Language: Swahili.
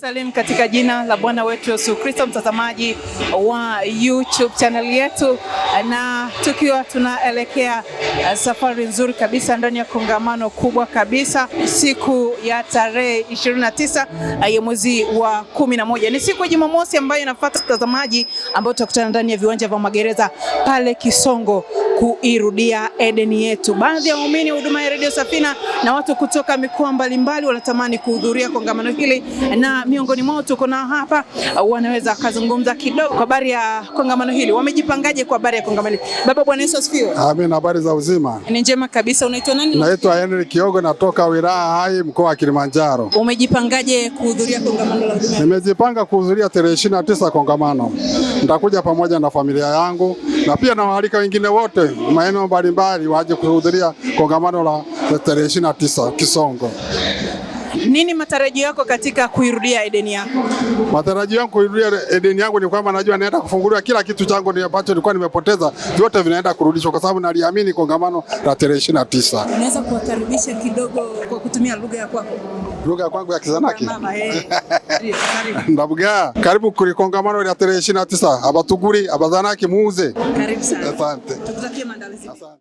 Salim katika jina la Bwana wetu Yesu Kristo, mtazamaji wa YouTube channel yetu, na tukiwa tunaelekea uh, safari nzuri kabisa ndani ya kongamano kubwa kabisa, siku ya tarehe 29 uh, ya mwezi wa 11 ni siku ya Jumamosi ambayo inafuata, mtazamaji, ambayo tutakutana ndani ya viwanja vya magereza pale Kisongo kuirudia Edeni yetu. Baadhi ya waumini wa huduma ya Radio Safina na watu kutoka mikoa mbalimbali wanatamani kuhudhuria kongamano hili na miongoni mwao tuko na hapa, uh, wanaweza wakazungumza kidogo kwa habari ya kongamano hili, wamejipangaje kwa habari ya kongamano hili? Baba, Bwana Yesu asifiwe. Amina. Habari za uzima? Ni njema kabisa. Unaitwa nani? Naitwa Henry Kiogo, natoka wilaya Hai, mkoa wa Kilimanjaro. Umejipangaje kuhudhuria kongamano la huduma? Nimejipanga kuhudhuria tarehe 29 kongamano, nitakuja pamoja na familia yangu na pia na wahalika wengine wote maeneo mbalimbali waje kuhudhuria kongamano la tarehe 29 Kisongo. Nini matarajio yako katika kuirudia Edeni yako? Matarajio yangu kuirudia Edeni yangu ni kwamba najua naenda kufunguliwa kila kitu changu ambacho nilikuwa nimepoteza, vyote vinaenda kurudishwa kwa sababu naliamini kongamano la tarehe ishirini na tisa. Unaweza kuwakaribisha kidogo kwa kutumia lugha ya kwako? Lugha ya kwangu ya Kizanaki. Ndabuga, karibu kuri kongamano la tarehe ishirini na tisa abatuguri abazanaki muuze. Karibu sana. Asante. Tukutakie maandalizi. Asante.